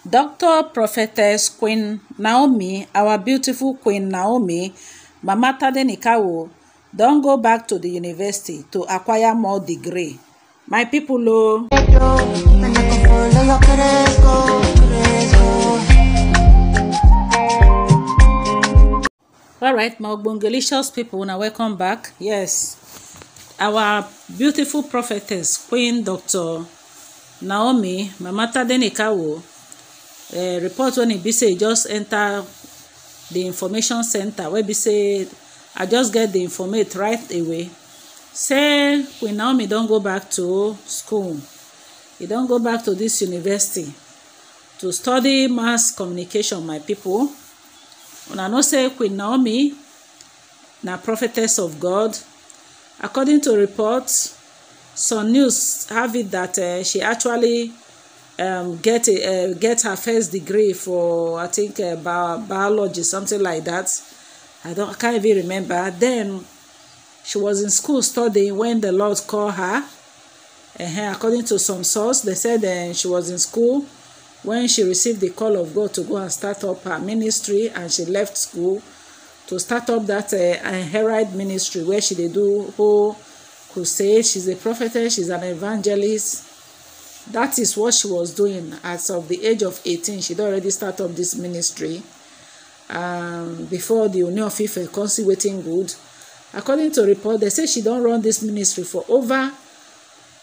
Dr. Prophetess Queen Naomi, our beautiful Queen Naomi, Mama Tade Nikawo, Don't go back to the university to acquire more degree. My people, lo. All right, my Ogbongelicious people, now welcome back. Yes, our beautiful prophetess, Queen Dr. Naomi, Mama Tade Nikawo, uh, report when e be say just enter the information center wey be say i just get the informate right away say queen naomi don go back to school e don go back to this university to study mass communication my people, una know say queen naomi na prophetess of god according to reports some news have it that uh, she actually um, get a, uh, get her first degree for I think uh, bio, biology something like that. I don't I can't even remember. Then she was in school studying when the Lord called her. her uh-huh, according to some source, they said uh, she was in school when she received the call of God to go and start up her ministry, and she left school to start up that uh, uh ministry where she did do whole crusade. She's a prophetess. She's an evangelist that is what she was doing as of the age of 18. She'd already started up this ministry um, before the Union of fifa Council Waiting Good. According to report, they say she don't run this ministry for over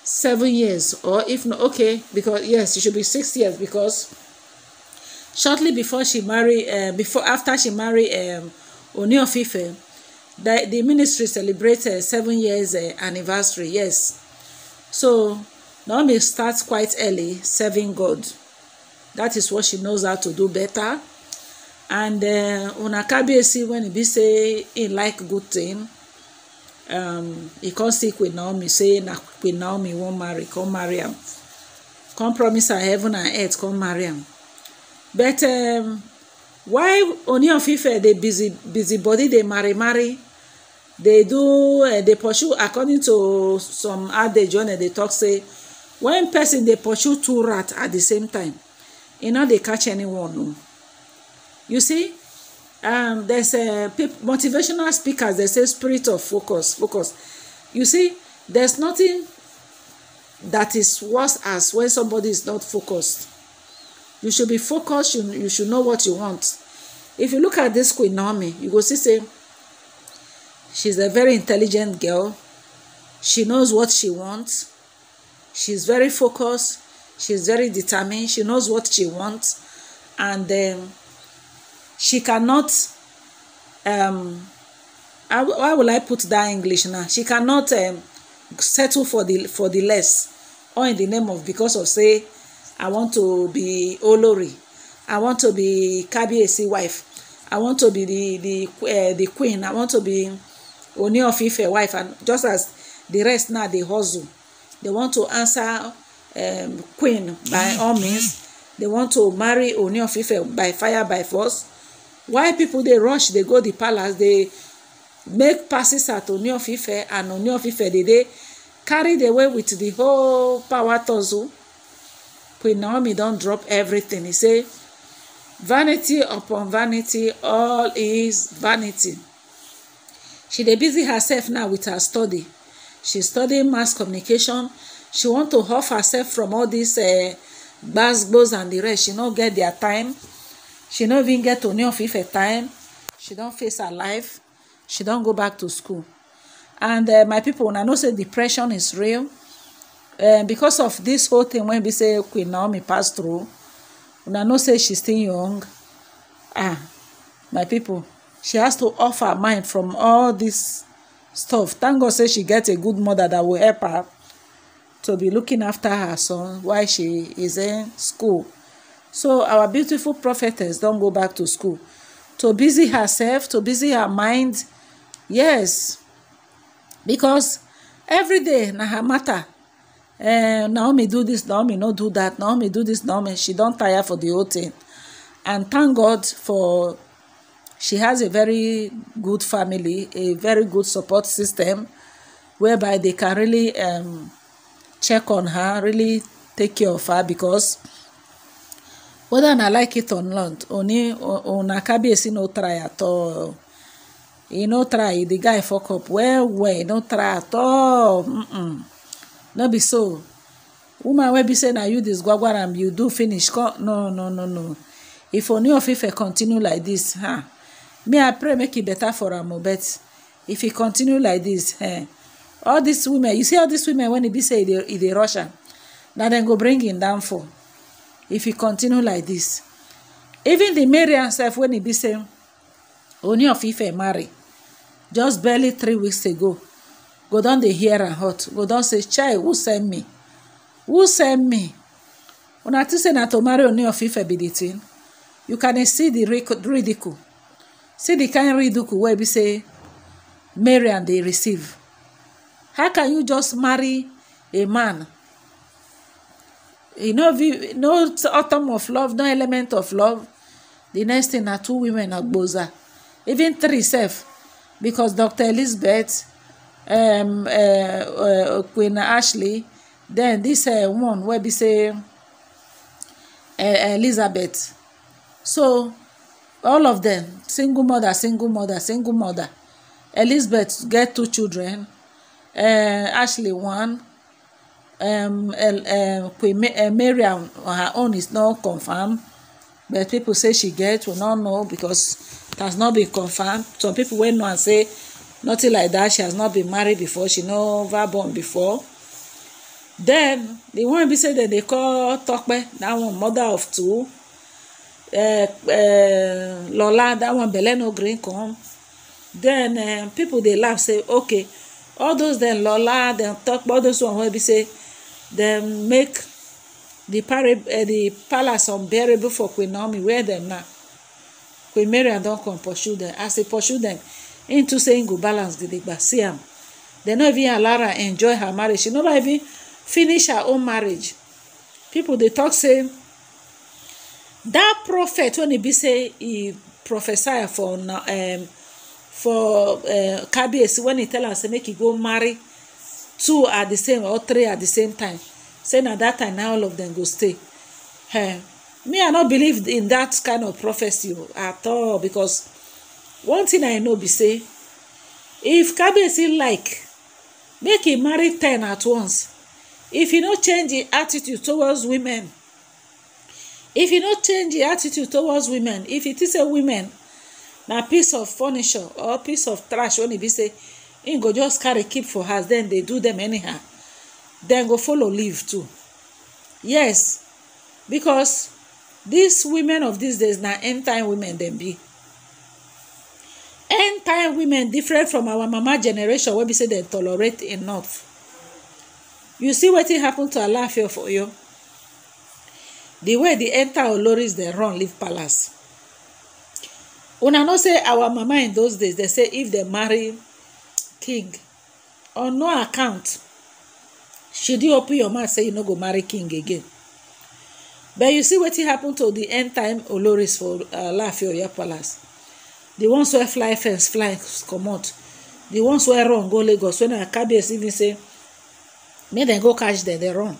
seven years or if not, okay, because yes, it should be six years because shortly before she married, uh, um, before after she married um, of the, the ministry celebrated seven years uh, anniversary, yes. So naomi start quite early serving god dat is what she knows how to do beta and uh, una kabiesi wen e be say e like good tin um, e com stick with naomi say na wit naomi wan marry com marry am com promise her heaven and earth com marry am. but um, why oni of ife dey busy busybody dey marry marry dey do uh, dey pursue according to some adage una dey tok say. when person they pursue two rats at the same time you know they catch anyone you see um, there's a motivational speakers they say spirit of focus focus you see there's nothing that is worse as when somebody is not focused you should be focused you, you should know what you want if you look at this queen naomi you go see say she's a very intelligent girl she knows what she wants she's very focused she's very determined she knows what she wants and um, she cannot um, how, how will I put that English now she cannot um, settle for the for the less or in the name of because of say I want to be Olori I want to be Kabiyesi wife I want to be the the uh, the queen I want to be Ooni of Ife wife and just as the rest now dey hustle they want to answer um, queen by all means they want to marry Ooni of by fire by force why people dey rush dey go the palace dey make passes at Ooni of and Ooni of Ife dey dey carried away with the whole power tussle Queen Naomi don drop everything he say vanity upon vanity all is vanity she dey busy herself now with her study she study mass communication she want to off herself from all this gbaz gboo and di rest she no get dia time she no even get oni of ife time she don face her life she don go back to school and eh, my pipo una know say depression is real eh, because of dis whole thing wey be say queen naomi pass through una know say she still young ah my pipo she has to off her mind from all dis. stuff thank god say she get a good mother that will help her to be looking after her son while she is in school so our beautiful prophetess don't go back to school to busy herself to busy her mind yes because every day na her matter uh, naomi do this naomi no do that naomi do this naomi she don't tire for the whole thing and thank god for she has a very good family a very good support system whereby they can really um, check on her really take care of her because whether una like it or not oni una kabiyesi no try at all he no try the guy fuck up well well he no try at all mm-mm. no be so woman wey be say na you this gwagwaram you do finish no no no no if Ooni of Ife continue like this huh, me i pray make e better for am o oh, but if e continue like this, eh all dis women you see all dis women when e be say e, e dey rush am na dem go bring him down for if e continue like this, even the marian sef when e be say only of ife marry just barely three weeks ago go don dey hear am hot go don say child who send me who send me una think say na to marry only of ife be di thing you can see di ridicule see di kind riduku wey be say marian dey receive how can you just marry a man you no no autumn of love no element of love The next thing na two women agboza even three sef because dr elizabeth um, uh, uh, queen ashley then dis uh, one wey be say uh, elizabeth so all of them, single mother single mother single mother elizabeth get two children uh, ashley one um, uh, uh, mary and her own is not confirmed but people say she get we no know because it has not been confirmed some people wey know am say nothing like that she has not been married before she never born before then the one be say dem dey call tope that one mother of two uh, lola that one belle no green come then uh, people dey laugh say okay all those dem lola dem talk all those one wey be say dem make the, uh, the palace unbearable for queen naomi where dem na queen mariam don come pursue dem as e pursue dem into too say im go balance gidigba see am dem no even allow her enjoy her marriage she never even finish her own marriage people dey talk say that prophet when he be say he prophesy for na um, for uh, kabiyesi when he tell am say make e go marry two at the same or three at the same time say na that time na all of them go stay um, me i no believe in that kind of prophecy at all because one thing i know be say if kabiyesi like make e marry ten at once if he no change e attitude towards women if you no change the attitude towards women if you think say women na piece of furniture or piece of trash wey e be say im go just carry keep for house then dey do them anyhow dem go follow leave too yes because these women of these days na end time women dem be end time women different from our mama generation wey be say dem tolerate enough you see wetin happen to alaafin for you the way they enter oloris dem run leave palace una know say our mama in those days They say if they marry king on no account she dey open your mouth say you no go marry king again but you see wetin happen to the end time oloris for uh, laafey oyo palace The ones wey fly fence fly comot The ones wey run go lagos wey na kabiyesi even say make dem go catch them. dey run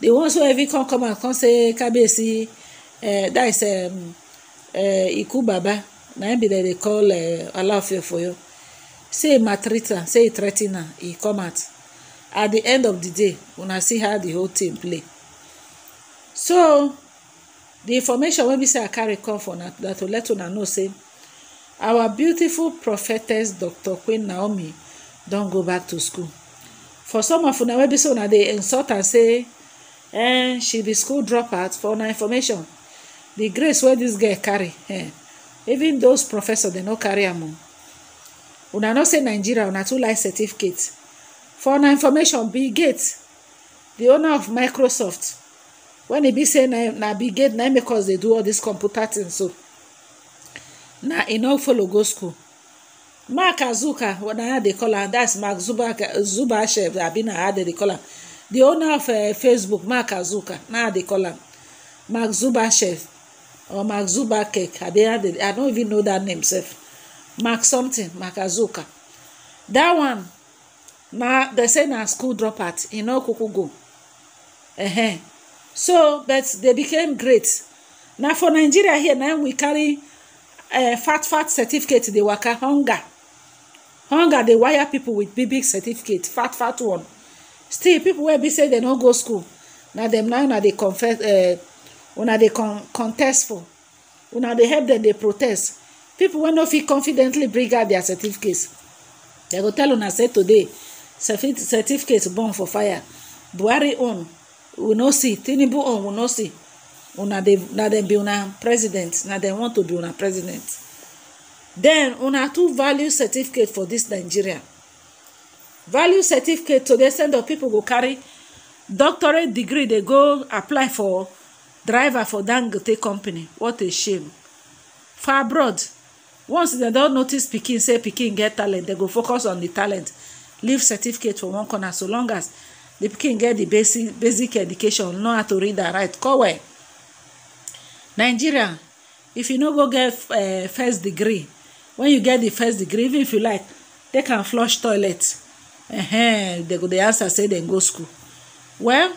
the ones wey even come come out come say kabiyesi uh, that is um, uh, eh, iku baba na him be dem dey call uh, eh, alaafin ofoyo say he maltreat am say he threa ten am he come out at the end of the day una see how the whole thing play so the information wey be say i carry come for una na to let una know say our beautiful prophetess dr queen naomi don go back to school for some of una wey be say una dey insult am say Eh, she be school dropout for una information di grace wey dis girl carry eh, even those professor dem no carry am o una know say nigeria una too like certificate for una information bill gate di owner of microsoft wen e be say na bill gate na im make us dey do all dis computer tins so. na im e no follow go school mark azuka how dey call am that's mark zubashev abi na her dey call am. di owner of eh, facebook mark azuka na i dey call am mark or mark zubakeck i dey i no even know dat name sef mark something mark azuka dat one na dem say na school out e no kuku go so but they become great na for nigeria here na im we carry eh, fat fat certificate dey waka hunger hunger dey wire pipo big big certificate fat fat one. still pipo wey be say dem no go school na dem now una dey eh, contest for una dey help dem dey protest pipo wey no fit confidently bring out dia certificates. dem go tell una say today certificate burn for fire buhari own we no see tinubu own we no see na dem be una president na dem want to be una president. den una too value certificate for dis nigeria. value certificate to the send of people go carry doctorate degree dey go apply for driver for dangote company what a shame for abroad once dem don notice pikin say pikin get talent dem go focus on the talent leave certificate for one corner so long as the pikin get the basic basic education know how to read and write Correct. nigeria if you no go get eh, first degree when you get the first degree even if you like take am flush toilet -huh. they go dey answer say dem go school well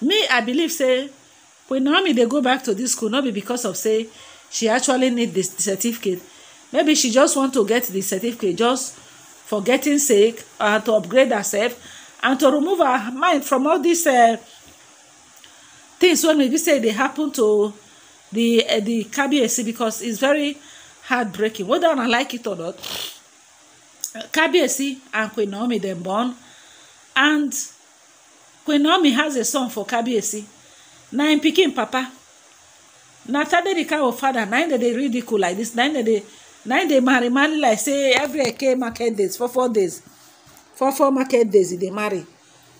me i believe say when naomi dey go back to dis school no be because of say she actually need di certificate maybe she just want to get di certificate just for getting sake and to upgrade herself and to remove her mind from all dis uh, things wey maybe say dey happen to di uh, kabiesi because its very heartbreaking whether una like it or not Kabiesi and Queen Naomi then born. And Queen Naomi has a son for Kabiesi. Na im pikin papa. Na Tade the cow father, na im ridicule like this, na im dey na marry marry like say every eke market days, for four days. For four market days they marry.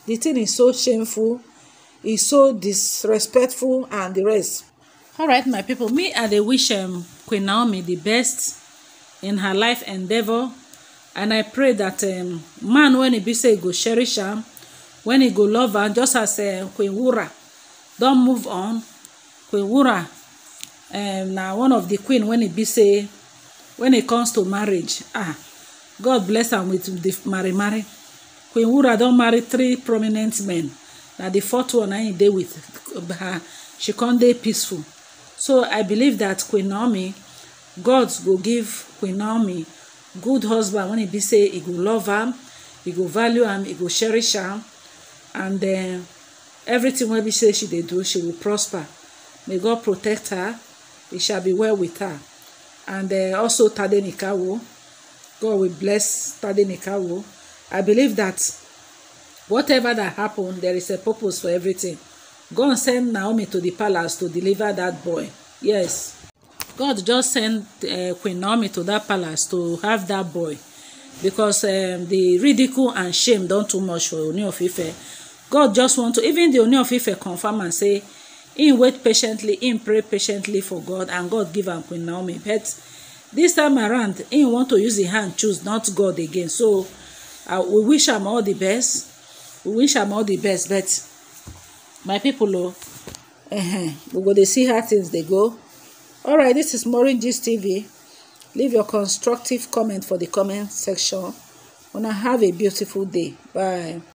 The thing is so shameful, it's so disrespectful and the rest. Alright my people, me I wish um, Queen Naomi the best in her life endeavor and i pray that um, man when e be say e go cherish am when e go love am just as uh, queen wura don move on queen wura um, na one of the queen when e be say when e comes to marriage ah god bless am with the marry marry queen wura don marry three prominent men na the fourth one na im dey with her she come dey peaceful so i believe that queen naomi god go give queen naomi good husband when e be say e go love am e go value am e go cherish am and then eh, everything wey be say she dey do she will prosper may god protect her e shall be well with her and uh, also Tade Nikawo god will bless Tade Nikawo i believe that whatever that happen there is a purpose for everything god send Naomi to the palace to deliver that boy yes God just sent uh, Queen Naomi to that palace to have that boy because um, the ridicule and shame don too much for Oni of Ife. God just want to even the Oni of Ife confirm and say im wait patiently im pray patiently for God and God give am Queen Naomi but this time around im want to use im hand choose not God again so uh, we wish am all the best we wish am all the best but my people o oh, uh -huh, we go dey see how things dey go all right this is Maureen Gist TV leave your constructive comment for the comment section Wanna have a beautiful day bye